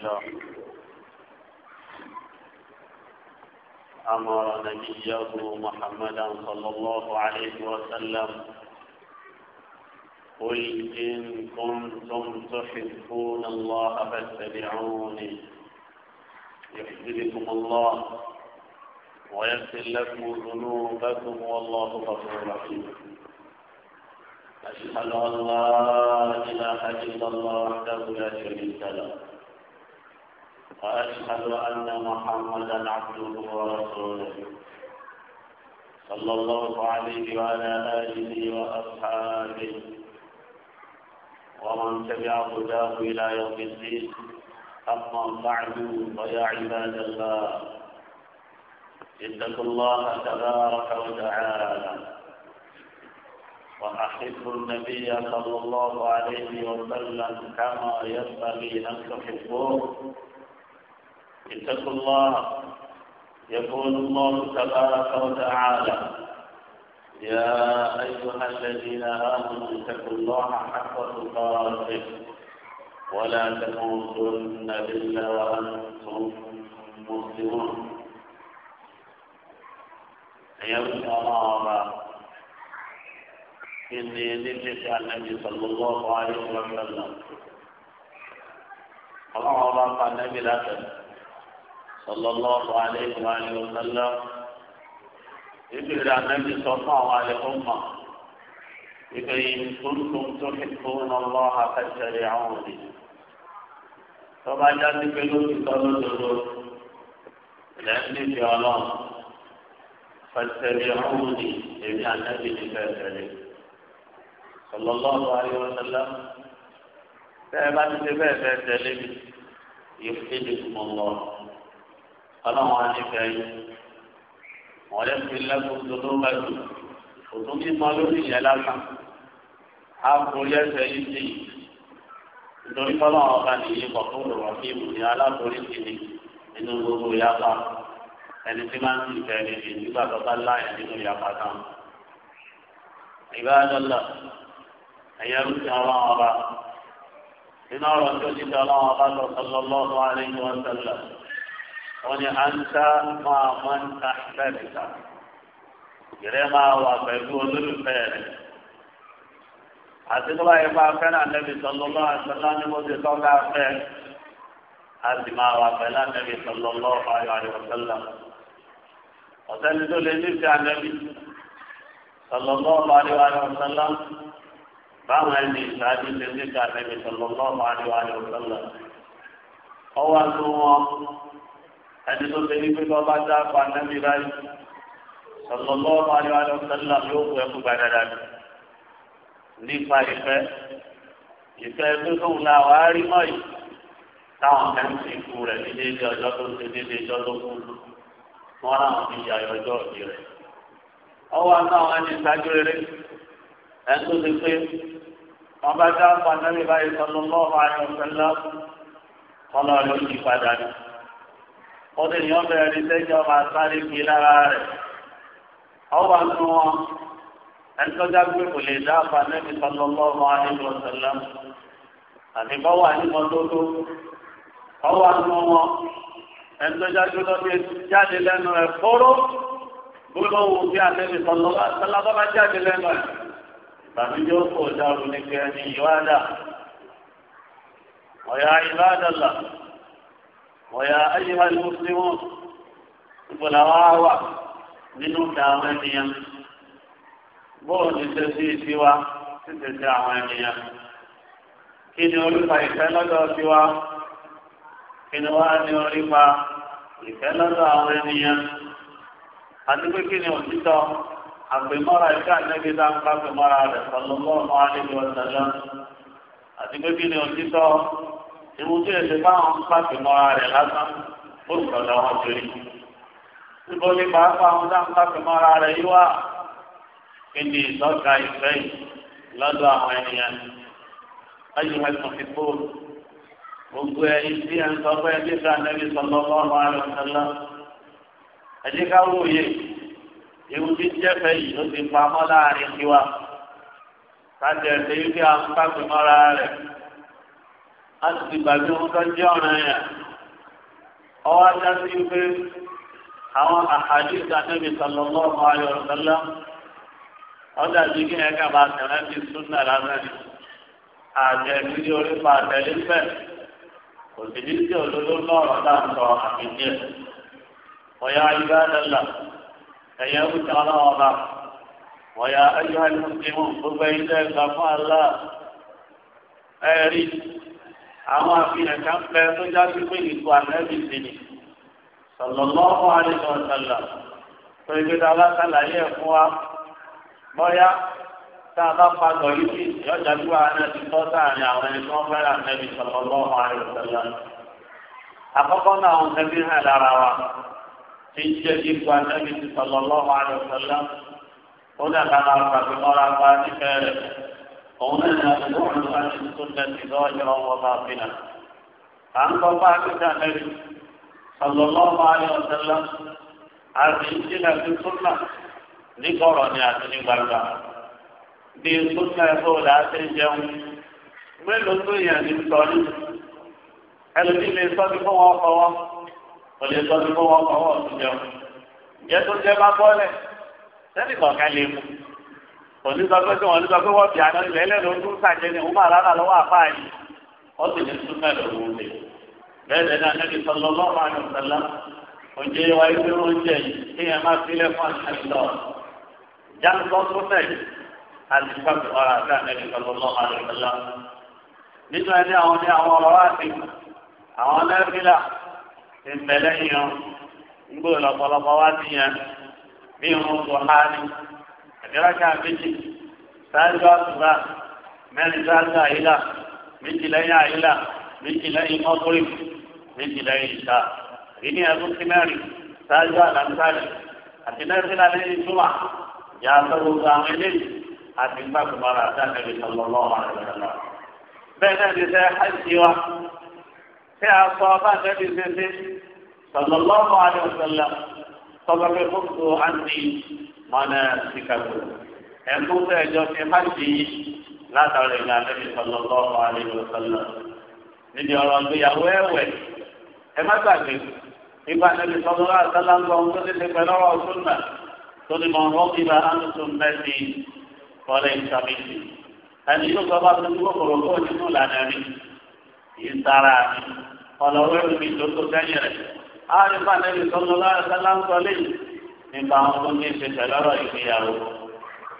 النار أمر نبيه محمدا صلى الله عليه وسلم قل إن كنتم تحبون الله فاتبعوني يحببكم الله ويغفر لكم ذنوبكم والله غفور رحيم أشهد أن لا إله إلا الله وحده لا شريك له وأشهد أن محمدا عبده ورسوله صلى الله عليه وعلى آله وأصحابه ومن تبع هداه إلى يوم الدين أما بعد فيا عباد الله اتقوا الله تبارك وتعالى وأحب النبي صلى الله عليه وسلم كما ينبغي أن تحبوه اتقوا الله يقول الله تبارك وتعالى يا أيها الذين آمنوا اتقوا الله حق تقاته ولا تموتن إلا وأنتم مسلمون يا أمارة إني نجد النبي صلى الله عليه وسلم الله أمر النبي لا تنسى صلى الله عليه وآله وسلم إبرا النبي صلى الله عليه وسلم إن كنتم تحبون الله فاتبعوني فما جاءت بلوك صلى الله لأني في الله فاتبعوني إبرا النبي صلى الله عليه وسلم فما جاءت بلوك صلى الله عليه وسلم يحبكم الله ọlọ́run á ní fẹ́ yín wọ́n lè fi lẹ́kùn tó tó bá jù òtún ní mọ́ lórí ìyẹn lásán á forí ẹsẹ̀ yín sí i nítorí fọlọ́run ọba nìyí kọ̀ fún òrò kí ìbò ní aláforíjì ni nínú gbogbo yàtọ̀ ẹni tí máa ń sì fẹ́ ni nígbà tó bá láyà nínú yàtọ̀ kan. ìbáraẹnlá ẹ̀yẹ rúfin ọlọ́run ọba nínú ọ̀rọ̀ tó ti di ọlọ́run ọba lọ sọlọ́lọ́ọ̀ọ́ wọ́n ní àǹtá máa mọ́ ń ta bẹ́ẹ̀ta ìrẹ́ máa wà pẹ̀lú olólùfẹ́ rẹ̀ àti tó bá yẹ kó afẹ́ràn nẹ́bí sọlọ́lọ́ àtàlá ni mo ti tọ́ka fẹ́ a sì máa wà pẹ̀lú ànẹ́bí sọlọ́lọ́ ayọ̀ àyọ̀sọ́lá ọ̀sẹ́ni tó lè nífẹ̀ẹ́ ànẹ́bí sọlọ́lọ́ ayọ̀ àyọ̀sọ́lá báwọn ẹni ìsáájú lè nífẹ̀ẹ́ ànẹ́bí sọlọ́lọ́ ayọ̀ àyọ̀sọ́lá ọwọ́ àti wọn ẹni tó ṣe ní pé kí wọ́n bá dá apá nẹ́bí báyìí sọ̀tọ̀tọ̀ ọmọ alẹ́ wa lọ́sẹ̀ ńlá yóò fún ẹkú gba dáadáa nípa ìfẹ́ ìfẹ́ tó tó ń la wàá rí mọ́ yìí táwọn kan ti kú rẹ̀ ní déédéé ọjọ́ tó ṣe déédéé ọjọ́ tó kú wọn náà ti yà ọjọ́ òbí rẹ̀ ọwọ́ náà ẹni ìtajú rere ẹni tó ti pé wọn bá dá apá nẹ́bí báyìí sọ̀tọ̀tọ̀ ọmọ alẹ́ wa lọ́sẹ̀ ńlá kọ́lọ́ rẹ̀ yí padà ní ọdún ènìyàn bẹ̀rẹ̀ ní sẹ́jọ́ máa sáré kí lára rẹ̀ ọwọ́ àánú wọn ẹni tó dágbé kò lè dá apá nẹ́bí sallallahu alaihi wa sallam àti bọ́wọ́ ànímọ́ tó tó ọwọ́ wọn ẹni tó dágbé tó ti jáde lẹ́nu ẹ̀ fóró gbólóhùn bí àtẹ́bí sallallahu alaihi jáde lẹ́nu ẹ̀ tàbí yóò kó dàrú nígbẹ́ ẹni ìwádà ọ̀yà ìbádàlà. ويا أيها المسلمون بلواوا منو كاوانيا بون تسي سوا تسي عوانيا كن يولفا يتلقى سوا كن وان يولفا يتلقى عوانيا àdúgbò kí ni òtítọ́ àgbèmọ́ra ìka nẹ́bí dá ń bá àgbèmọ́ra rẹ̀ sallallahu alaihi wa sallam àdúgbò kí ni ìwò tó yẹ ṣe báwọn ń pàṣẹ mọ́ra rẹ̀ lásán ó sì ọ̀dọ̀ wọn torí. níbo ni pàápàá wọn dáhùn pàṣẹ mọ́ra rẹ̀ yìí wà kí ni ìtọ́ka ìfẹ́ yìí lọ́dọ̀ àwọn ènìyàn ayé wọn kàn fi kó gbogbo ẹyin tí ẹ ń sọ pé ẹbí ká nẹbi sọlọ lọ́wọ́ àrùn sọlọ ẹdí ká wòye ewu tí jẹfẹ yìí ló ti pamọ́ láàrin tiwa ká jẹ ẹsẹ yìí kí a sì gbàgbé wọn tó jẹ́ ọ̀ràn yẹn ọwọ́ ajá sí pé àwọn àhàdìsí àtẹ́bí sọlọ́mọ́ ọmọ ayọ̀ ọ̀sọ́lá ọjà sí kí ẹ̀ka bá tẹ̀lé ti súnà lásán àjẹ ìdílé orí pa àtẹ̀lé fẹ́ kò sì ní sí òdodo lọ́rọ̀ náà sọ àmì díẹ̀ ọ̀yà ìbádọ́là ẹ̀yẹ ń tẹ̀ ọlọ́wọ́ bá ọ̀yà ayọ́ àìmùsùlùmù gbogbo ẹ̀yìn tẹ̀ gbà fún àlá ẹ̀rí. àwọn àfihàn kan pẹ tó jáde pé ìkó ànábì sí ni sallallahu alaihi wa tó ibi tá a bá sàlàyé ẹ̀ fún wa bọ́yá tá a bá padọ̀ yìí sí yọjà tó àná ti tọ́ sáàrin àwọn ẹni tó ń fẹ́ràn ànábì àkọ́kọ́ náà àwọn ẹbí hàn lára wa ti ń jẹ́ ànábì ó dàgbà máa قولنا نبعد عن السنة ظاهرا وباطنا عن طبعك النبي صلى الله عليه وسلم عزيزنا في السنة لقرن يعتني بردا دي السنة يقول عزيز يوم من الدنيا نبطل الذي ليس بقوة قوة وليس بقوة قوة يوم يتجمع قوله سنة قوة كلمة òní sọ pé wọn ní sọ pé fi àná ilẹ̀ ẹlẹ́nu ojú sàjẹ́ ni òun máa rárá lọ́wọ́ àfáà yìí sì ní súnmọ́ ẹ̀rọ òun bẹ́ẹ̀ lẹ́nu anábì sọlọ lọ́wọ́ oúnjẹ wa yìí kí ẹ àti anábì lọ́wọ́ nínú ẹni àwọn ní àwọn ọ̀rọ̀ àwọn àdéhàkà méjì sáájú àtúbà mẹ́rin sáájú àyílà méjì lẹ́yìn àyílà méjì lẹ́yìn mọ́kúrì méjì lẹ́yìn ìta èyí ni ẹ̀dún sí mẹ́rin sáájú àlàntàlì àti lẹ́sìn lẹ́yìn túmà ìyá àtọ́wò àwọn eléyìí àti gbàgbọ́ra àtàkùn ìṣọ̀lọ́lọ́ àtàkùn bẹ́ẹ̀ náà ti sẹ́ àìsí wa tí a sọ bá nẹ́bí ṣe ṣe sọ̀lọ́lọ́ àdéhùn sọ̀lá sọ̀lọ́ mọ́nà síkàgò ẹ̀kú tó ẹjọ́ ti má ti yí látàrí ìgbà níbi sọlọ́lọ́ àlejò sọlọ́ níbi ọ̀rọ̀ ìgbéyàwó ẹ̀wẹ̀ ẹ má gbàgbé ìgbà níbi sọlọ́lọ́ àtàlà ń gbọ́ ohun tó ti ti pẹ̀lú ọ̀rọ̀ súnà tó ní mọ̀ ọ́n ìgbà ánùsùn mẹ́sì kọ́lé ìsàmìsì ẹni yóò gbọ́ bá tuntun kòkòrò kó nínú ìlànà mi yìí sára mi ọ̀lọ́wẹ́ mi tó tó sẹ́yìn rẹ̀ á nípa níbi sọlọ́lọ́ àtàlà ń sọ léyìí nípa àwọn tó ní ṣe pẹ̀lú ọ̀rọ̀ ìgbéyàwó.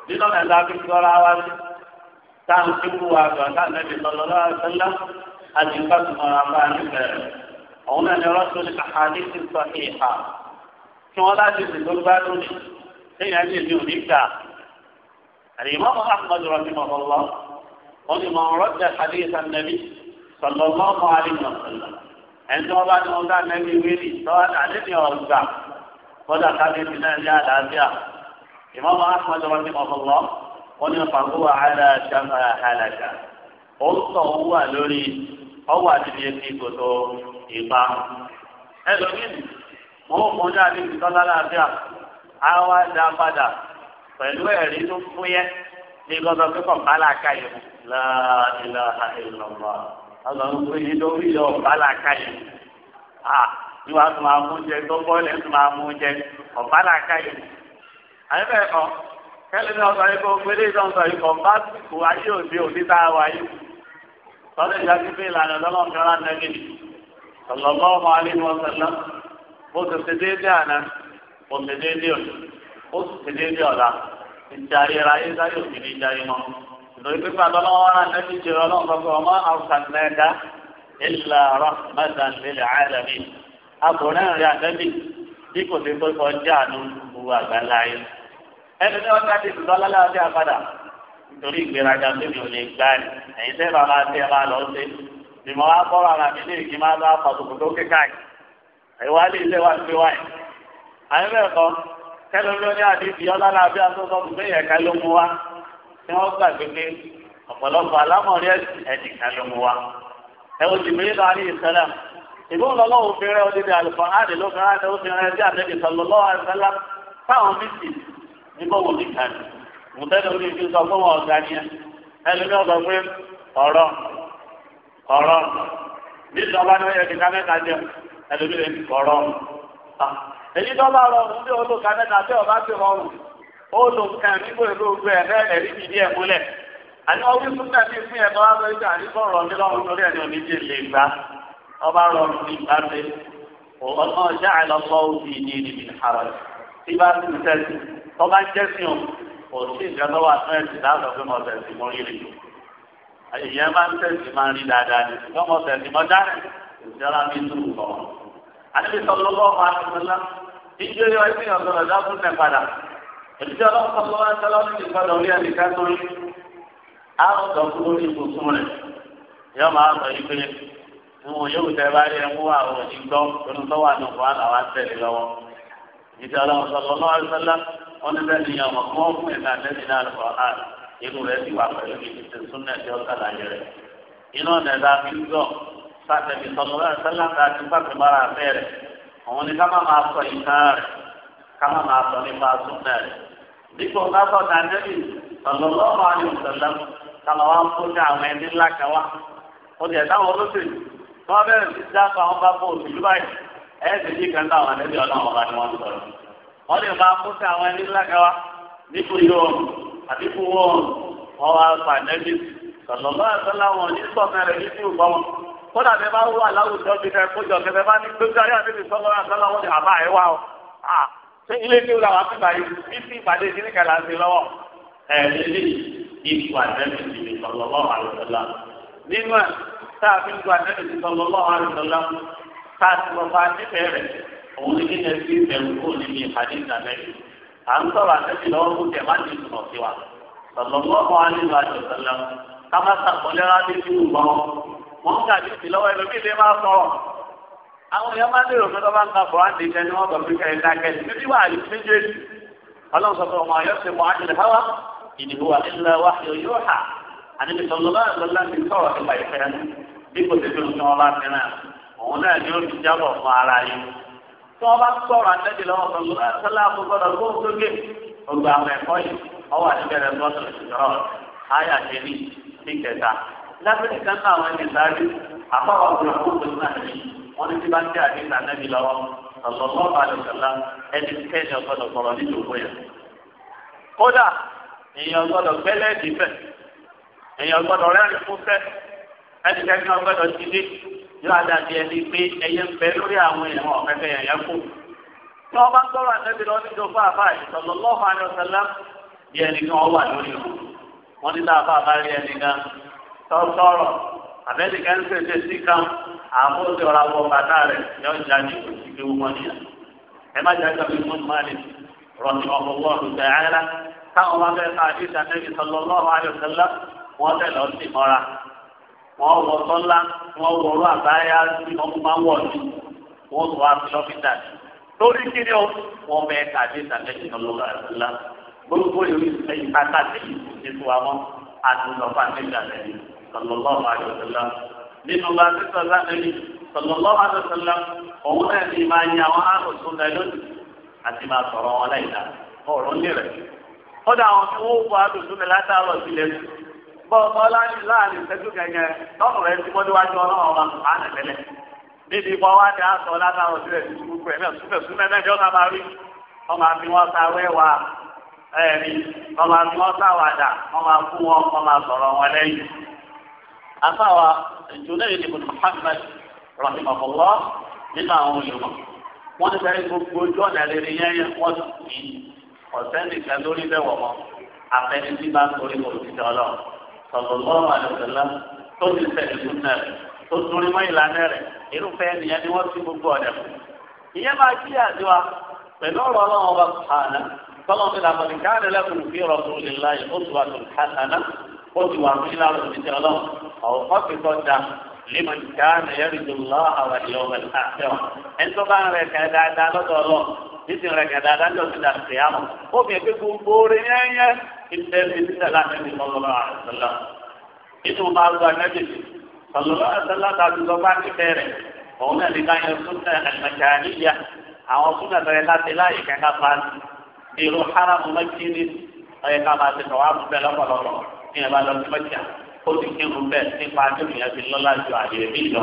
nínú ẹ̀dá kíkọ́ra wa sí táwọn tí kú wa gbà táwọn ẹbí lọ́lọ́ lọ́sọ́lá àti ìfàsùmọ̀ra bá níbẹ̀rẹ̀. òun náà ni rọ́ṣọ́ ní ti sọ ìhà kí wọ́n láti sì tó gbá lónìí lẹ́yìn àti èmi ò ní gbà. àlèmọ́ Ahmad rabi mọ̀lọ́ wọn ni mọ̀ rọ́jà hadith anabi sọlọ́mọ́ mọ́ àlè mọ̀lọ́ ẹni tí wọ́n bá ní wọn bá nẹ́bí wíìlì tọ́ àdébìyàn ọ̀gbà kọ́dà kábíyèsí náà ní àlàáfíà ìmọ̀mọ́ ahmed rọ́bì ọ̀fọ̀lọ́ wọn ní pàgó àhàlà ṣàmà àhàlàkà ó ń tọ̀ ó wà lórí ọ wà níbi etí ìgòtò ìpa ẹlòmíì wọn ò mọ ní àdébí tọ́lá láàbíà dá padà pẹ̀lú ẹ̀rí tó fún yẹ ní gbọ́dọ̀ kíkọ̀ bálákà yìí láàdìlà àìlọ́mọ́ ọlọ́run pé ní lórí yọ bálákà yìí à ní wàá tún máa mú jẹ tó bọ́ọ̀lù tún máa mú jẹ ọ̀bá làákà yìí àyẹ̀fẹ́ kan kẹ́lẹ́ ní ọ̀sán yìí kó gbélé ìsọ̀nsọ̀ yìí kan bá kó ayé òde òde tá a wà yìí tọ́lá ìjà sí pé ìlànà lọ́lọ́run kan láti ẹgbẹ́ mi ọ̀lọ́gbọ́ ọmọ alẹ́ ni wọ́n sọ lọ bó ti ṣe déédéé àná bó ti déédéé òde ó sì ṣe déédéé ọ̀la ìjà ayẹra ayé sáyé òde ní ìjà ayé wọn ìdòwí pípa lọ́lọ́wọ́ rán ẹbí jẹ ọlọ́run kọ́kọ́ ọmọ àwùsàn náà dá ìlà rọ̀ mẹ́ta nílẹ̀ àìlẹ́mí àbùrẹ́ rẹ̀ àtẹ́bí bí kò sí pé kọjá àánú gbogbo àgbàlá yìí. ẹni tí wọ́n ká ti sùn lọ́lá láti nítorí ìgbéraga tó ò lè gbá bàbá bá lọ sí ni mo kọ́ra ara mi ní máa bá tó kéka yìí lè lé gbé yìí. àyè bẹ́ẹ̀ kọ́ kẹ́lẹ́ ló ní ọlọ́lá asọ́sọ́ gbé ká ló mú wa wọ́n gbà gbégbé ọ̀pọ̀lọpọ̀ alámọ̀rí ìbọn lọ́lọ́wọ́ fi rẹ́ odidi alùpàdé ló fi rẹ́ ó fi rẹ́ sí àtẹ́bí sọlọ́lọ́ àṣálá táwọn méjì nígbà wo ní kàn mú tẹ́lẹ̀ orí ìfi sọ fún wọn ọ̀gá ni ẹni ní ọ̀gá pé ọ̀rọ̀ ọ̀rọ̀ níjọba ni wọ́n yẹ kí kámẹ́ta jẹ ẹni ní ọ̀rọ̀ èyí tó bá rọrùn bí olùkà mẹ́ta tí ọba ti rọrùn olùkà nígbà èlò ogun ẹ̀ bẹ́ẹ̀ ẹ̀rí ìdí ẹ̀ múlẹ̀ àti ọwọ́ ìfúnná ti fún ẹ̀ bọ́ wá lórí àdìgbọ̀n rọ̀ mí lọ́rùn lórí ẹ̀ ní oníjì lè gbà ọba rọrùn ní ìbáfẹ́ ọ̀nà ṣáàlọ́ lọ́wọ́ sí ní ìdìbò ìhàrọ̀ tí bá ti tẹ̀sí ọba jẹ́sìn o kò sí ìdánwò àtúnyẹ̀sì láàbọ̀ pé mo tẹ̀sí mo rí rí ìyẹn máa ń tẹ̀sí máa ń rí dáadáa ní ṣùgbọ́n mo tẹ̀sí mo dáná ìṣẹ́ra mi tún kọ̀ àdébìtọ̀ lọ́wọ́ máa ń ìjọ yọ ẹbí ọ̀sán ọ̀dọ́ fún padà ìjọ ọlọ́pàá lọ́wọ́ ìwọ̀n yóò tẹ bá rí ẹmú àwọn òṣìṣọ́ tónú tó wà nùkọ́ àtàwọn àtẹ̀lé lọ́wọ́. ìṣe ọlọ́run sọ̀rọ̀ lọ́wọ́ àrísọ́lá wọn ní bẹ́ẹ̀ nìyẹn ọmọ kọ́ fún ẹ̀ka àtẹ́lé náà lọ́kọ̀ á inú rẹ̀ sì wà pẹ̀lú ìṣe súnà tí ó sàlàyé rẹ̀. iná nẹ̀dá fi ń gbọ́ sàtẹ̀lé sọ̀rọ̀ àrísọ́lá ta ti pàṣẹ mọ́ra àfẹ́ rẹ̀ òun ni ká má máa sọ ìtàn rẹ̀ sọ̀rọ̀ wọ́n bẹ̀rẹ̀ sí dáfà wọn bá bọ̀ òṣèlú báyìí ẹ̀ẹ́dì yìí kan táwọn ẹ̀dẹ́bí ọlọ́wọ́ bá ní wọ́n sọ̀rọ̀ wọ́n lè máa kó sí àwọn ẹni ńlá kan wá nípò yóò àti kú wọ́n wọ́n wá pa ẹ̀dẹ́bí sọ̀lọ́mọ́ àtọ́lá wọn ní sọ̀kan rẹ̀ nínú ìgbọ́ wọn kódà bẹ́ẹ̀ bá wà láwùjọ bí kẹ́ kójọ kẹ́kẹ́ bá ní gbégbé ayé àti ìsọ̀lọ́ àtọ́lá wọn ní àbá ẹ̀ wá o ṣé ilé ní ìlú àwọn àtúntà yìí bí sí ìpàdé kíní kẹlà ń ṣe lọ́wọ́ ẹ̀ẹ́dẹ́bí ipò àtẹ́bí ìsọ̀lọ́mọ́ àtọ́lá nínú ẹ̀ sáàfin gba nẹ́ẹ̀dì sọ̀rọ̀ lọ́wọ́ àrùndọ́lá káàtì bàbá nífẹ̀ẹ́ rẹ̀ òun ní kíkẹ́ sí ìbẹ̀rù kó ní mi ìpàdé ìdàmẹ́rì à ń sọ̀rọ̀ àtẹ́sí lọ́wọ́ kó tẹ̀ má ti sùnà sí wa sọ̀rọ̀ lọ́wọ́ àrùndọ́lá àrùndọ́lá ká má sàkọlẹ́rà ní ti wù wọn wọn kà ní ti lọ́wọ́ ẹlòmí lè má sọ̀rọ̀ àwọn èèyàn máa ń lérò pé tó bá ń ka bọ̀ àti ìjẹni wọn bọ̀ fi kẹ́ ẹ̀dá kẹ́sì níbi wà ní méjèèjì ọlọ́run sọ fún ọmọ ayọ́ ṣe mọ àjẹlẹ̀ hawa ìdìbò àti ìlà wáyọ̀ yóò hà àti ìsọ̀lọ́lá ìlọ́lá ti sọ̀rọ̀ nípa ìfẹ́ bí kò tètè oṣù wọn bá ti rìn òun náà ni ó fi jábọ̀ fún ara yìí tí wọn bá sọ̀rọ̀ àtẹjẹ lọ́wọ́ kan lọ àtẹlẹ àkọ́kọ́ lọ gbóhùn sókè gbogbo àwọn ẹ̀kọ́ yìí ọwọ́ àtibẹ̀rẹ̀ gbọ́dọ̀ ìṣòro ayé àjẹmí ní kẹta lábẹ́ni kan náà wọn ti sáré àpáwọ̀ ọ̀gbìn ọ̀gbìn náà ni wọn ti bá ń tẹ àdéhùn àtẹjẹ lọ́wọ́ ọ̀sọ̀tọ̀ àlùkàlà ẹni kẹ́ni ọ̀gbọ́dọ̀ sọ̀rọ̀ nínú òwe yẹn. kódà èèyàn ọ̀gbọ́dọ̀ gbẹ́lẹ́ ìdífẹ̀ ẹni kẹ́kẹ́ náà gbọ́dọ̀ ti dé yóò àdàbí ẹni pé ẹyẹ ń bẹ lórí àwọn èèyàn ọ̀fẹ́fẹ́ ẹ̀yẹ kù. tí wọ́n bá ń tọrọ àtẹ́bí lọ níjọ fún àbá ìsọ̀lọ́ lọ́wọ́ àrẹ ọ̀sẹ̀lá bí ẹni kan wà lórí wọn. wọ́n ní láàbá bá rí ẹni kan tọ́tọ́rọ̀ àbẹ́ni kan ń pèsè sí kan àbóso ọ̀rọ̀ àwọn bàtà rẹ̀ yóò já ní òṣìṣẹ́ wọn ni. ẹ má jẹ́ sí wọ́n wọ sọ́lá wọ́n wọ̀rọ̀ àbáyá tí wọ́n máa wọ̀ ní wọ́n tó wá sí lọ́fíìsà sí. lórí kíni o wọ́n bẹ kàdé ìsàlẹ̀jì lọ́lọ́lá ìlà gbogbo ìpàtà sí ìtìtù àwọn àtúntọ̀fà nígbàlẹ́yìn sallallahu alaihi wasallam. nínú bá ti sọ̀lá lẹ́yìn sallallahu alaihi wasallam òun náà ni máa ń yan àwọn àròsùn náà lónìí àti máa sọ̀rọ̀ wọn láìda ọ̀rọ̀ nílẹ̀. kódà àwọn tí wọ àròsùn bọ́ọ̀bọ́ láàrin ìṣẹ́jú kẹ̀kẹ́ lọ́rùn rẹ̀ ti mọ́jú wájú ọlọ́run ọba sùpánì tẹ́lẹ̀ níbi ìbọn wá ní aṣọ látàwọn sílẹ̀ ní gbogbo ẹ̀ náà súnmẹ̀ súnmẹ̀ mẹ́jọ náà máa rí wọ́n máa fi wọ́n sa wẹ́wà ẹ̀rí wọ́n máa fi wọ́n sàwàdà wọ́n máa fún wọn wọ́n máa sọ̀rọ̀ wọn lẹ́yìn. afáwa ìjọba yìí ni Muhammad rahimahullah nínú àwọn olùmọ̀ wọ́n ti fẹ́ gbogbo ojú ọ̀nà rere yẹn wọ́n ti ọ̀sẹ́ nìkan lórí bẹ́ẹ̀ wọ̀ mọ́ àfẹnifí bá ń torí òṣìṣẹ́ ọlọ́run sallallahu alaihi wasallam tó ti tẹ̀lé súnà rẹ̀ tó torí mọ́ ìlànà rẹ̀ irúfẹ́ ènìyàn ni wọ́n ti gbogbo ọ̀dẹ̀ fún. ìyẹn máa kí àdúrà pẹ̀lú ọ̀rọ̀ ọlọ́run ọba sùhánà tọ́lọ́mù làbọ̀dì káàdì lẹ́kùn fi rọ̀tún lílàyé ó ti wà tó hànà ó ti wà fún ìlànà òṣìṣẹ́ ọlọ́run àwọn kọ́fì tó da lima káàdì yẹrìndínláà àwọn ìyọ̀wẹ̀ àfẹ́ ẹ̀ tó bá ń rẹ̀ kẹ́ dáadáa lọ́dọ̀ ọlọ́run ìsìn rẹ̀ kẹ̀dá adájọ́ ti dà sí àmọ́ ó fi ẹgbẹ́ gbogbo rẹ̀ yẹ́nyẹ́ ilẹ̀ mi ti tẹ̀lé àtẹ́bí sọlọ́lá àtẹ́lá inú bá lu àtẹ́bí sọlọ́lá àtẹ́lá tàbí lọ bá ti bẹ̀rẹ̀ òun náà ní káyọ̀ súnà ẹ̀mẹ̀kẹ́ àníyá àwọn súnà bẹ̀rẹ̀ láti láyé kẹ́kẹ́ pa irú haramu mẹ́kìrì ọ̀yẹ́ ká máa ti tọ̀wá bẹ̀ lọ́pọ̀lọpọ̀ ní ẹ̀ bá lọ sí mẹ́kìá ó ti kírun bẹ́ẹ̀ nípa akéwìyàn ti lọ́lá ju àyè mí lọ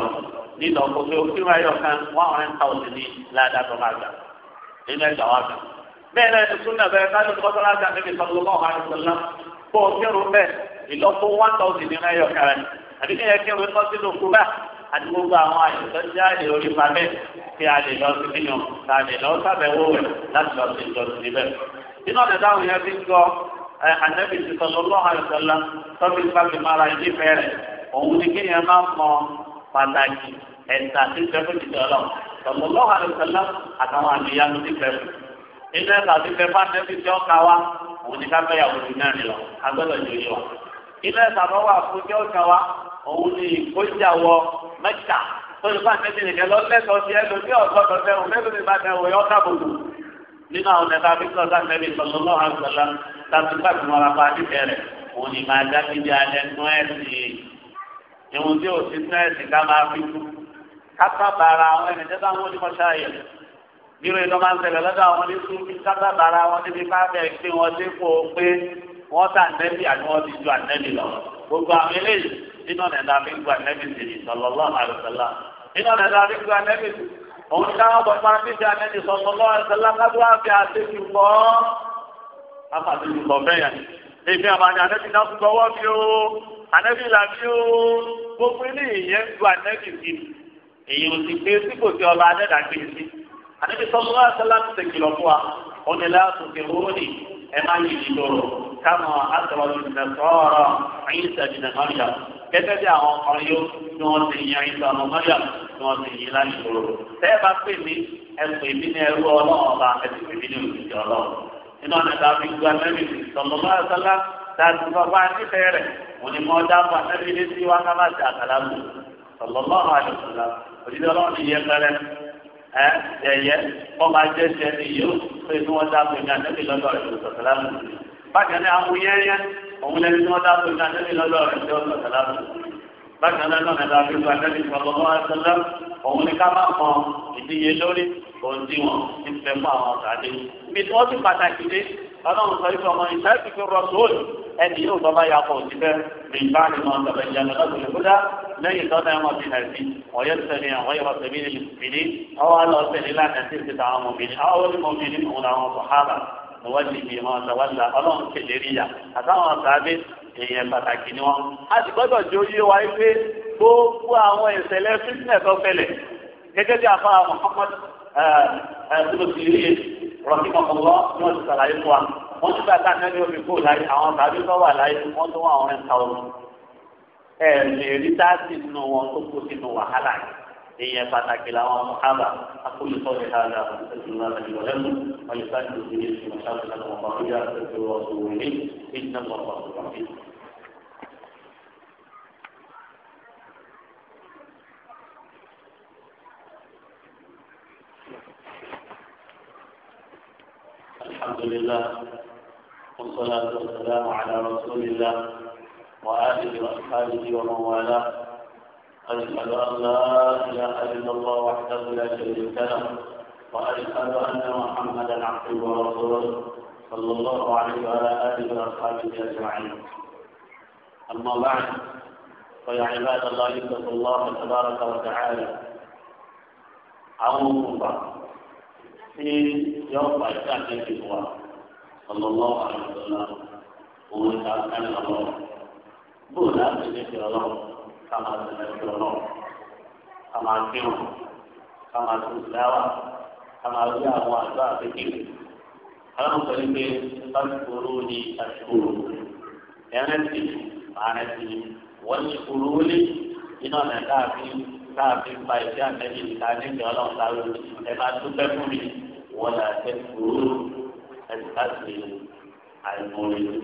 nílọ kó pé ó kírun ayọ̀ kan one hundred thousand ní ládàá tó máa gbà nínú ẹgbà wa kan bẹ́ẹ̀ náà tuntun náà bẹ́ẹ̀ ká ló ti kọ́sọ́lá sí àfẹ́fẹ́ sọ́dún lọ́wọ́ àdìsọ́lá kó o kírun bẹ́ẹ̀ ìlọ́po one thousand náírà yọ kára ni àbí kí ẹ kírun ń tọ́sí ló kú bá àti gbogbo àwọn àìsàn jáde orí pamẹ́ kí a lè lọ sí nínú ká lè lọ sábẹ́wó rẹ̀ láti lọ sí ìjọsìn níbẹ̀. iná ọ̀dẹ̀ táwọn yẹn fi ń gbọ́ ànẹ́bí ti sọ̀rọ̀ lọ́wọ́ àìsọ̀lá tọ́bí pàmì mara ìdí fẹ́rẹ̀ òun ni kí yẹn máa ń mọ pàtàkì ẹ̀ta tí fẹ́ fún ìjọ ọlọ́run sallallahu alaihi wasallam àtàwọn àníyàn ló ti fẹ́ fún ilé ẹ̀ka ti fẹ́ fún àtẹ́bí tí ọ̀ka wa òun ni ká fẹ́yàwó ju mẹ́rin lọ agbọ́dọ̀ ju yìí wa ilé ẹ̀ka tó wà fún tí ọ̀ka wa òun ni ìkójàwọ mẹ́ta tó ti fún àtẹ́bí nìkan lọ lẹ́tọ̀ọ́ sí ẹlòmí ọ̀gbọ́dọ̀ fẹ́ràn mẹ́rin ní bàtà ẹ̀wọ̀ yọ nínú àwọn ẹ̀ka fífọ́ sáfẹ́bí sọlọ́lọ́ àgbàlá láti bá tí wọ́n rapá níbẹ̀ rẹ̀ òun ni máa dá bíbí alẹ́ nú ẹ̀sìn ìhun tí ò sí nú máa kápá bàrà àwọn ẹni tẹ́tà wọn ní mọ́ṣá yìí nírò ìlú máa ń ṣẹlẹ̀ lọ́dọ̀ àwọn oníṣúbí kápá bàrà wọn níbi káfẹ́ pé wọ́n ti kó o pé wọ́n tà nẹ́bí àti wọ́n ti ju ànẹ́bí lọ gbogbo àwọn eléyìí nínú ọ̀nà ẹ̀dá fi ń gba ànẹ́bí sí i sọlọ́lọ́ àlùsọ́lá nínú ọ̀nà ẹ̀dá fi ń gba ànẹ́bí sí òun ní káwọn bọ̀ máa ń fi ṣe ànẹ́bí sọlọ́lọ́ kájú àfi àtẹ́jú bọ́ àfàtẹ́jú bọ́ bẹ́yà èyí ò sì gbé sípò tí ọba adẹ́dà gbé sí àdébí sọ́kúrọ́ àtọ́lá ti ṣe kìlọ̀ fún wa ó ní láàtúnṣe owó ní ẹ má yí ìloro kámọ àtọ̀rọ̀ ìdẹ̀sọ́rọ̀ àyíṣẹ́ ìdẹ̀ mọ́ríà gẹ́gẹ́ bí àwọn ọkùnrin yóò ní wọ́n ti yan ìṣẹ́ ọmọ mọ́ríà ní wọ́n ti yí láyé ìloro tẹ́ ẹ bá pè mí ẹ pè mí ní ẹrú ọlọ́run ọba ẹ sì pè mí ní òṣìṣẹ́ ọlọ́run nínú ọ̀nà ìdábí gba mẹ́rin sọ̀lọ́mọ́ òdìdí ọlọ́run ti yẹ pẹrẹ ẹ ẹyẹ ọba jẹsẹ ni yóò pé kí wọ́n dábòó ní anẹ́bí lọ́dọ̀ rẹ̀ lọ́dọ̀ sàlámù bákan náà àwọn òun lẹ́ni tí wọ́n dábòó ní anẹ́bí lọ́dọ̀ rẹ̀ lọ́dọ̀ sàlámù bákan náà lọ́nà ìlànà ìlú anẹ́bí sọlọ́wọ́ àṣẹlá òun ni ká má kan ìdíye lórí òun tí wọn ti fẹ́ fún àwọn ọ̀sàdé ibi tí wọ́n ti pàtàkì dé ọlọ́run sọ ìfọ̀ ọmọ ìṣáàtì fi rọ sóòlù ẹni yóò lẹ́yìn tọ́ta ẹ̀mọ́ ti nà sí ọ̀yẹ́ sẹ́ni àwọn ìwà sẹ́mi ní mìíní ọwọ́ lọ sẹ́ni láti ẹ̀sìn ti tàwọn ọmọ mìíní àwọn onímọ̀ mìíní òun làwọn ọkọ̀ hábà lọ́wọ́ ní ibi ìmọ̀ ọ̀tàwálà ọlọ́run kèlè rí ya àtàwọn ọ̀sàbí èèyàn pàtàkì ni wọn. a sì gbọ́dọ̀ jó yé wa pé gbogbo àwọn ìṣẹ̀lẹ̀ fitness ọ̀fẹ́lẹ̀ gẹ́gẹ́ ẹ lè rí dáàbì nínú wọn tó kó sínú wàhálà èèyàn pàtàkì làwọn mọ̀hábà akólùsọ ní káàdà ìṣúná àtàlùwọ̀ lẹ́nu wọn yóò sáà tó sílé ìṣúná sáà tó wọn bá fúyà tó wọ́n tó wọlé kí ní wọn bá tó wọlé. الحمد لله والصلاة والسلام على رسول الله وآله وأصحابه ومن والاه أشهد أن لا إله إلا الله وحده لا شريك له وأشهد أن محمدا عبده ورسوله صلى الله عليه وعلى آله وأصحابه أجمعين أما بعد فيا عباد الله اتقوا الله تبارك وتعالى عون الله في يوم التحديث صلى الله عليه وسلم ومن تأكل الله bóò láti ní fi ọlọ́run ká máa ti ní fi ọlọ́run ká máa kírun ká máa tún ìdáwà ká máa rí àwọn àgbà àbíkìrì aláwọ̀ sọ wípé lásìkòrò ní àsìkòrò ẹ̀rẹ́sì àrẹ́sì wọ́n ti kúrò wọlé iná náà káàfin káàfin pa ìṣe àtẹ́jì níta níbi ọlọ́run sáré ẹ máa dúpẹ́ fún mi wọ́n là ṣe kúrò ẹ̀sì láti àìmọ̀rẹ́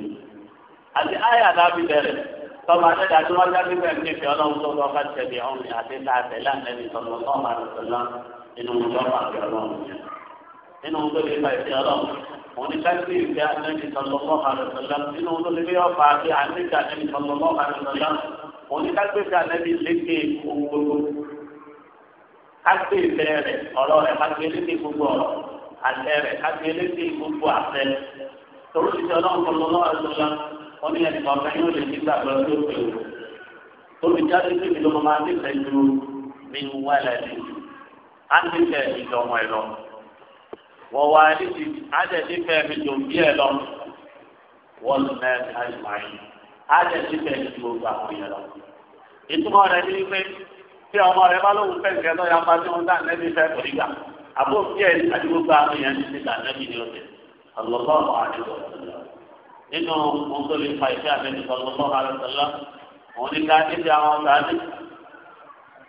àti àyà dábì bẹ̀rẹ̀ tọ́ba dẹ́dá tí wọ́n jáde bẹ́ẹ̀ ní ìfẹ́ ọlọ́run tó lọ́ọ́ bá tẹ̀lé ọ̀hún ni àti tá a tẹ̀lé àtẹ̀lé tọ́lọ́ tọ́ba tẹ̀lé inú ìjọba àti ọlọ́run yẹn. inú tó lè ba ìfẹ́ ọlọ́run òun ni káṣí ìfẹ́ àtẹ̀lé tọ́lọ́ tọ́ba tẹ̀lé inú tó lè bí ọ̀fà àti àtẹ̀lé àtẹ̀lé tọ́lọ́ tọ́ba tẹ̀lé òun ni káṣí ìfẹ́ àtẹ̀lé lékè gbogbo káṣí ìfẹ́ rẹ̀ ọ̀rọ̀ rẹ̀ káṣí lékè gbogbo ọ̀rọ̀ àtẹ̀ rẹ̀ káṣí lékè gbogbo àtẹ̀ torí ìfẹ́ ọlọ́run tọ́lọ́ tọ́ba tẹ̀lé wọ́n ní ẹnì kan fẹ́ yóò lè ní gbàgbọ́ tó pè ó. olùjáde tó ti lọ́mọ máa nífẹ̀ẹ́ ju mi wá lẹ́nu. á nífẹ̀ẹ́ ìdọ̀mọ̀ ẹ̀ lọ. wọ́n wá níbi ájẹ̀ nífẹ̀ẹ́ mi jò bí ẹ̀ lọ. wọ́n lù mẹ́ àjùmáyé. ájẹ̀ nífẹ̀ẹ́ mi jò gbà wọ́n yẹn lọ. ìtumọ̀ rẹ̀ ní pé tí ọmọ rẹ̀ bá lóun fẹ́ nǹkan lọ́yà bá tí wọ́n dá nẹ́bí fẹ́ kò nígbà. àbó bí ẹ̀ àdúgbò gbà wọ́n yẹn ní nínú ohun tó lè fa ìfẹ́ àbẹ́ni sọlọ́mọ́ àlùsọ́lá òun ni ká níbi àwọn sàádé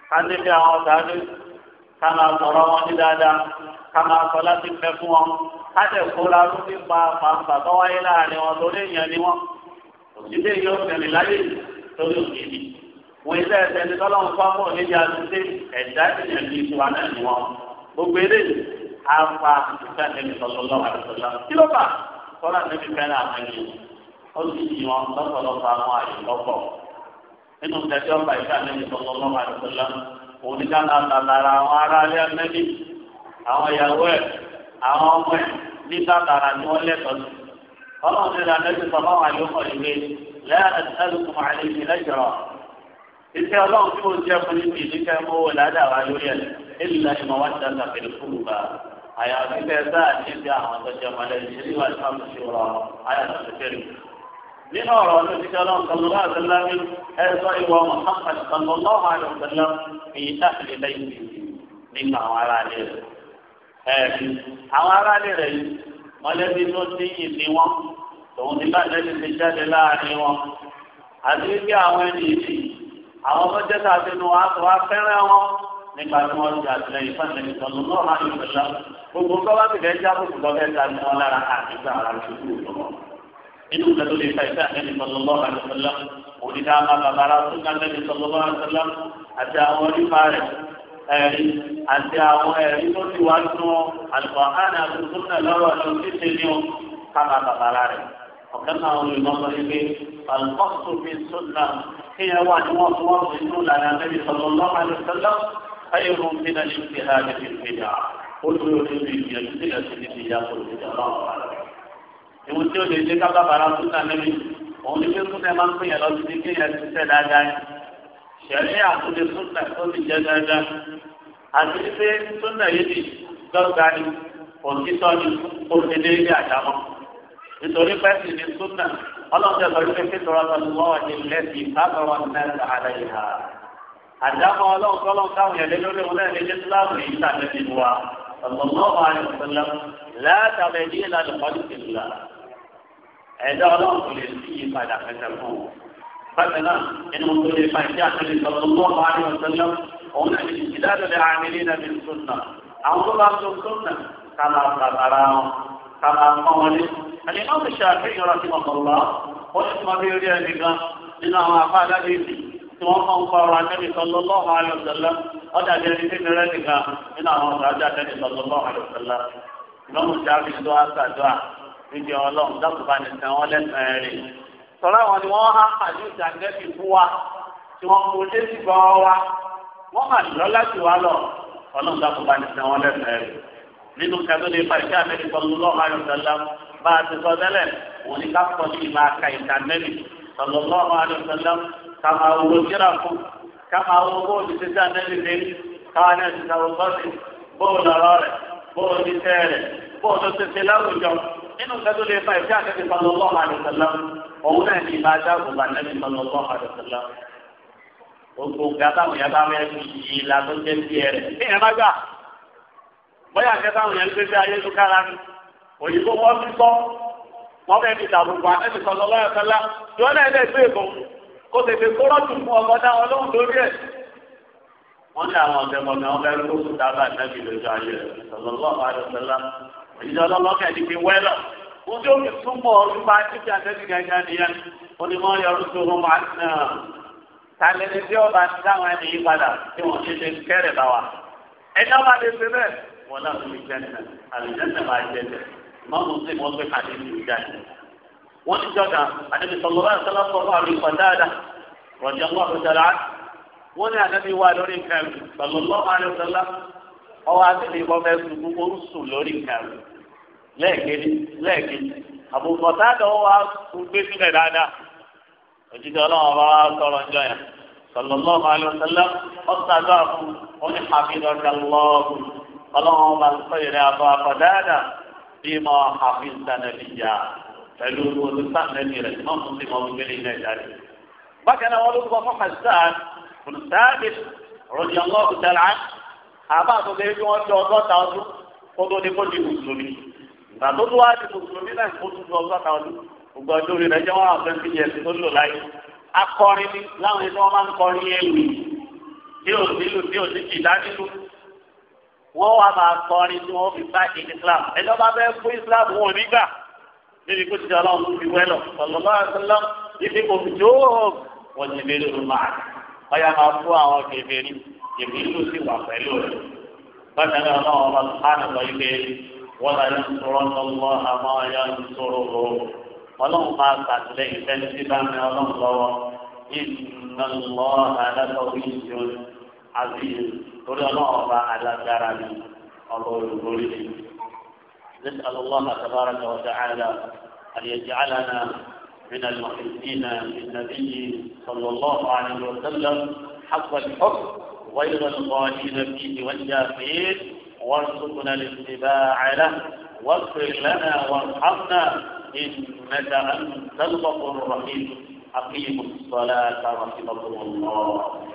ká níbi àwọn sàádé ká máa sọ̀rọ̀ wọn ní dáadáa ká máa sọ láti fẹ́ fún wọn ká tẹ̀ kóra ló ní pa pàǹpà tó wáyé láàrin wọn tó léèyàn ni wọn òṣìṣẹ́ yìí ó fẹ̀rẹ̀ láyé lórí òkèèrè wọn ilé ẹsẹ̀ ní tọ́lọ́mù fáwọn oníbi àtúnṣe ẹ̀dá ìyẹn ní ni wọn gbogbo eléyìí á fa ìfẹ́ àbẹ́ni sọlọ́mọ́ kọ́lá níbi fẹ́ràn àmàlẹ́ ó sì yí wọn lọ́pọ̀lọpọ̀ àwọn àyè lọ́pọ̀ nínú tẹ̀síọ́ bàìsí àmẹ́bí tọ́tọ́ lọ́wọ́ àdúgbò oníkàlà tàtàrà àwọn ará alẹ́ àmẹ́bí àwọn ìyàwó ẹ̀ àwọn ọmọ ẹ̀ ní tàtàrà ni wọ́n lẹ́tọ̀ọ́ sí ọlọ́run ti rà lẹ́sìn sọ fáwọn àyọkọ̀ ìwé lẹ́yìn ẹlùkùn àlejò lẹ́jọ̀rọ̀ àyàfi bẹ́ẹ̀ bá níbi àwọn tọ́jú ọmọlẹ́yìn ṣe níwájú ìfàmù sí ọ̀rọ̀ àyàfi kékeré. nínú ọ̀rọ̀ ọdún títí ọlọ́run sọlọ́lá àtẹlámi ẹ̀sọ́ ìwọ Muhammad sọlọ́lá àtẹlá èyí táàkiri lẹ́yìn nípa àwọn aráalé rẹ̀. ẹ̀ẹ́dì àwọn aráalé rẹ̀ yìí mọ̀lẹ́bí tó ní ìdí wọn tòun ti bá lẹ́ni ti jáde láàrin wọn. àti wípé àwọn ẹni ìdí àwọn tó jẹ́ nípa tí wọ́n ti àtìlẹ́yìn fún ẹ̀mí tọ́lú náà máa ń gbẹ̀dá gbogbo nǹkan wá bìbẹ̀ já gbogbo lọ́wọ́ ẹ̀ta ni wọ́n lára àtìgbà ara ṣubú lọ́wọ́. inú ìgbà tó lè fa ìfẹ́ ẹ̀mí tọ́lú náà máa ń gbẹ̀dá òdìdá máa bàbá ara tó ká ẹ̀mí tọ́lú náà ń gbẹ̀dá àti àwọn onífà rẹ̀ ẹ̀rí àti àwọn ẹ̀rí tó ti wá nù àlùkò àná àtúntò náà lọ́wọ́ خير من الاجتهاد في البدع قل يريد يجتهد في البدع قل الله اعلم ìwọ̀n tí ó lè jẹ́ kábà bàrà súnà lẹ́bi òun ní pé súnà máa ń pè yẹn lọ sí ní kéèyàn ti tẹ̀ dáadáa ni ṣẹ̀rí àtúndì súnà tó ti jẹ́ dáadáa àti pé súnà yìí ni dọ́gba ni òtítọ́ ni ó ti dé ilé àdámọ́ nítorí pẹ́sì ni súnà ọlọ́run tẹ̀sán wípé kí tọ́ra tọ́lu wọ́n wà ní lẹ́sìn bá tọ́ra náà àdámọ́ ọlọ́run tọ́lọ́run táwọn yẹn lé lórí wọn náà lè jẹ́ síláàmù yìí tàbí ti wá ọ̀gbọ̀nmọ́ àyọ̀sọ̀lọ́ látàbẹ̀ ní ìlànà pọ́lìtì ńlá ẹ̀dá ọlọ́run kò lè sí ìpadà kẹsẹ̀ fún un. bákan náà ẹni wọn tó lè fa ìdí àtúndì ọ̀gbọ̀nmọ́ àyọ̀sọ̀lọ́ òun náà ti ìdádọ́lẹ̀ àmìlí náà ti tún àwọn tó bá tó tún náà ká tí wọ́n kàn ń kọ́ ọ̀rọ̀ àtẹ́bí sallallahu alaihi wasallam ọ̀dà bí ẹni tí mẹrẹ nìkan nínú àwọn ọ̀rọ̀ àjọ àtẹ́bí sallallahu alaihi wasallam ìmọ̀mù jáde tó á sàdúrà níbi ọlọ́run dákùbá ní sàn wọ́n lẹ́sàn-án rè sọ̀rọ̀ àwọn ni wọ́n há àjọ ìjàngẹ́bì fún wa tí wọ́n kò dé sí gbọ́ wa wọ́n hàn lọ́lá sí wa lọ ọlọ́run dákùbá ní sàn wọ́n alaihi wasallam bá a ti sọ tẹ́lẹ̀ òun ni sallallahu alaihi wasallam ká máa wo jíra fún ká máa wo bóòlù títí ànábì lé káwá náà ti ta ọgbọ́n sí bóòlù ọ̀rọ̀ rẹ̀ bóòlù títẹ́ rẹ̀ bóòlù títí láwùjọ nínú kẹ́tù lè fa ìfẹ́ ànábì sallallahu alaihi wasallam òun náà ní ìbá dáàbòbò ànábì sallallahu alaihi wasallam gbogbo gàtàwọn yàrá rẹ̀ yìí làtọ́ jẹ́ tiẹ̀ rẹ̀ bóyá kẹta àwọn yẹn ń gbé bí ayélujára ni òyìnbó wọn fi gbọ́ wọn fẹẹ fi dàrúgbà ẹni sọlọ lọyọ sọlá yọ náà ẹgbẹ ìgbé ìbò kó tètè kóró tù fún ọmọ náà ọlọ́run lórí ẹ. wọn ní àwọn ọ̀dẹ́ mọ̀mí ọmọ ẹni tó kùtà bá ìtẹ́bí lójú ayé sọlọ lọ́wọ́ ayọ̀ sọlá ìjọ ọlọ́kẹ́ ni fi wẹ́lọ̀ wọn tí ó fi túmọ̀ nípa títí àtẹ́bí gẹ́gẹ́ nìyẹn wọn ni wọ́n yọrù tó wọn máa ń tàlẹ́ni tí ọba ti ṣe kẹ́rẹ̀ ẹni ọba lè mọ́mú sí wọn pé pàdé ìlú jáde wọ́n ti jọ́gà àdébí sọ̀rọ̀ báyìí sọ́lá sọ̀rọ̀ àrùn ìkọ̀ dáadáa rọ̀jẹ̀ wọn kò dára wọ́n ní àdébí wà lórí nǹkan sọ̀rọ̀ lọ́wọ́ àrùn sọ́lá ọwọ́ àtẹ̀lé ìbọn fẹ́ sùn orúsùn lórí nǹkan lẹ́ẹ̀kejì lẹ́ẹ̀kejì àbùkọ̀ táàdà wọ́n wá sùn gbé sílẹ̀ dáadáa òjijì ọlọ́wọ́ bá wá sọ̀rọ̀ ńjọ́ yẹn fíìmọ àfihànàbí ya pẹ̀lú olùsànàbí rẹ mọ fún fíìmọ gbélé iná ìdarí. bákan náà wọn ló gbọ́ fún hasan olùsáàbì rọdí ọlọ́ọ̀dù dára àbá àtúndé bí wọ́n ti ọgọ́ta ọdún kó tó ní kó di mùsùlùmí. ìgbà tó tó wá di mùsùlùmí náà kó tó tó ọgọ́ta ọdún gbogbo ọdún rẹ jẹ́ wọn àfẹ́ fi yẹ tó lò láyé. akọrin ni láwọn ẹni tí wọ́n máa ń kọrin ẹ̀wì tí ò wọ́n wá máa kọrin tí wọ́n fi bá islam ẹjọ́ bá fẹ́ fún islam wọn nígbà níbi kó ti di ọlọ́run fi wẹ́lọ̀ sọlọ́lá àṣẹlá ibi òfin tó wọ́n ti lé lórí máa ọ̀yà máa fún àwọn kèfèrí kèfèrí ló sì wà pẹ̀lú rẹ̀ bákan náà náà wọ́n máa bá nìkan ilé wọ́n máa ń sọ̀rọ̀ lọ́wọ́ àmọ́ ọ̀yà ń sọ̀rọ̀ lọ́wọ́ ọlọ́run máa ṣàtìlẹ́yìn fẹ́ẹ́ عزيز قل الله على كرم الله نسأل الله تبارك وتعالى أن يجعلنا من المحبين للنبي صلى الله عليه وسلم حق الحب غير الغالين فيه والجافين وارزقنا الاتباع له واغفر لنا وارحمنا إنك أنت الغفور الرحيم أقيموا الصلاة رحمكم الله